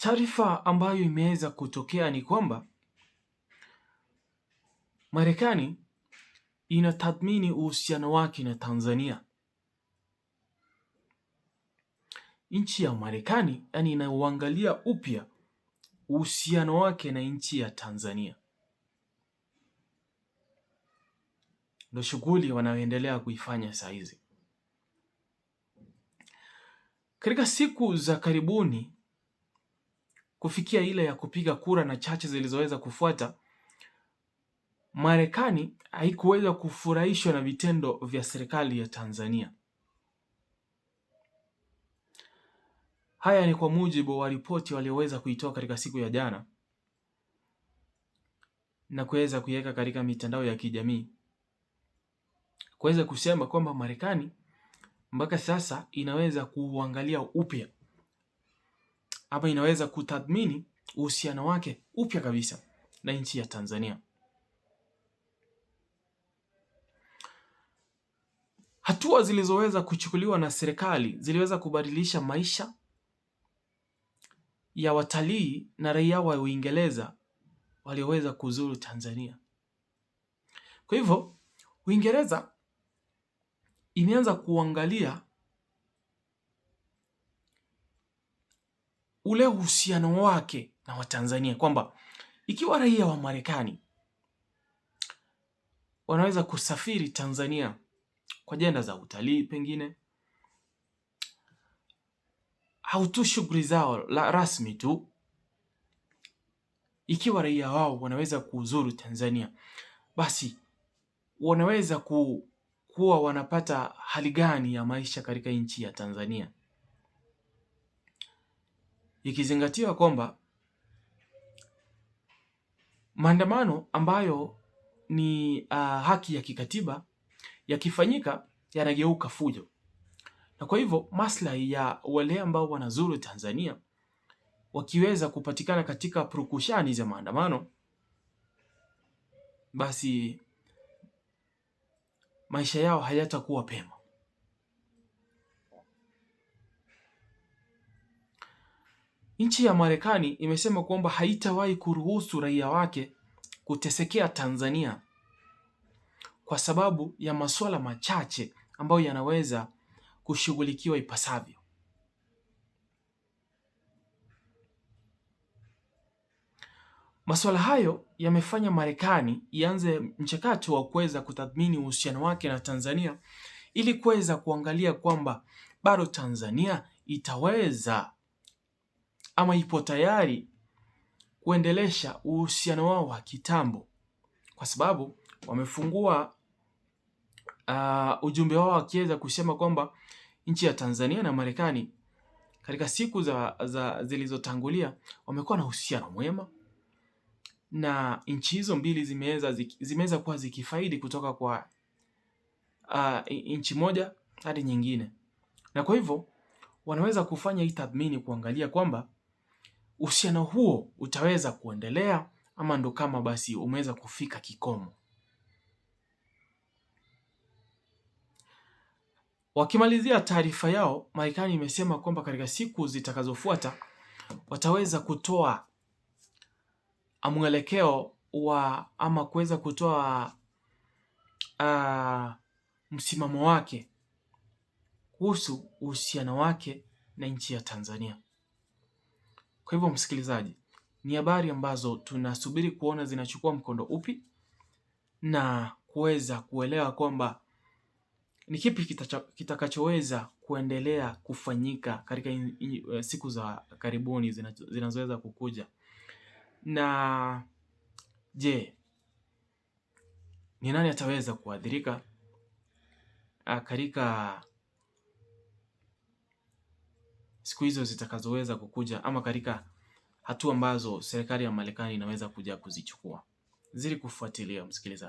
Taarifa ambayo imeweza kutokea ni kwamba Marekani inatathmini uhusiano wake na Tanzania. Nchi ya Marekani yani inauangalia upya uhusiano wake na nchi ya Tanzania, ndo shughuli wanaoendelea kuifanya saa hizi. Katika siku za karibuni kufikia ile ya kupiga kura na chache zilizoweza kufuata, Marekani haikuweza kufurahishwa na vitendo vya serikali ya Tanzania. Haya ni kwa mujibu wa ripoti walioweza kuitoa katika siku ya jana na kuweza kuiweka katika mitandao ya kijamii, kuweza kusema kwamba Marekani mpaka sasa inaweza kuuangalia upya ama inaweza kutathmini uhusiano wake upya kabisa na nchi ya Tanzania. Hatua zilizoweza kuchukuliwa na serikali ziliweza kubadilisha maisha ya watalii na raia wa Uingereza walioweza kuzuru Tanzania. Kwa hivyo, Uingereza imeanza kuangalia ule uhusiano wake na Watanzania kwamba ikiwa raia wa Marekani wanaweza kusafiri Tanzania kwa jenda za utalii, pengine au tu shughuli zao la rasmi tu, ikiwa raia wao wanaweza kuzuru Tanzania, basi wanaweza ku, kuwa wanapata hali gani ya maisha katika nchi ya Tanzania? ikizingatiwa kwamba maandamano ambayo ni uh, haki ya kikatiba yakifanyika yanageuka fujo, na kwa hivyo maslahi ya wale ambao wanazuru Tanzania wakiweza kupatikana katika purukushani za maandamano, basi maisha yao hayatakuwa pema. Nchi ya Marekani imesema kwamba haitawahi kuruhusu raia wake kutesekea Tanzania kwa sababu ya masuala machache ambayo yanaweza kushughulikiwa ipasavyo. Masuala hayo yamefanya Marekani ianze mchakato wa kuweza kutathmini uhusiano wake na Tanzania ili kuweza kuangalia kwamba bado Tanzania itaweza ama ipo tayari kuendelesha uhusiano wao wa kitambo, kwa sababu wamefungua uh, ujumbe wao wakiweza kusema kwamba nchi ya Tanzania na Marekani katika siku za, za zilizotangulia wamekuwa na uhusiano mwema na nchi hizo mbili zimeweza zimeweza kuwa zikifaidi kutoka kwa uh, nchi moja hadi nyingine, na kwa hivyo wanaweza kufanya hii tathmini kuangalia kwamba uhusiano huo utaweza kuendelea ama ndo kama basi umeweza kufika kikomo. Wakimalizia taarifa yao, Marekani imesema kwamba katika siku zitakazofuata wataweza kutoa mwelekeo wa ama kuweza kutoa uh, msimamo wake kuhusu uhusiano wake na nchi ya Tanzania. Kwa hivyo, msikilizaji, ni habari ambazo tunasubiri kuona zinachukua mkondo upi na kuweza kuelewa kwamba ni kipi kitakachoweza kuendelea kufanyika katika eh, siku za karibuni zinazoweza kukuja. Na je, ni nani ataweza kuathirika ah, katika siku hizo zitakazoweza kukuja ama katika hatua ambazo serikali ya Marekani inaweza kuja kuzichukua. Zili kufuatilia msikilizaji.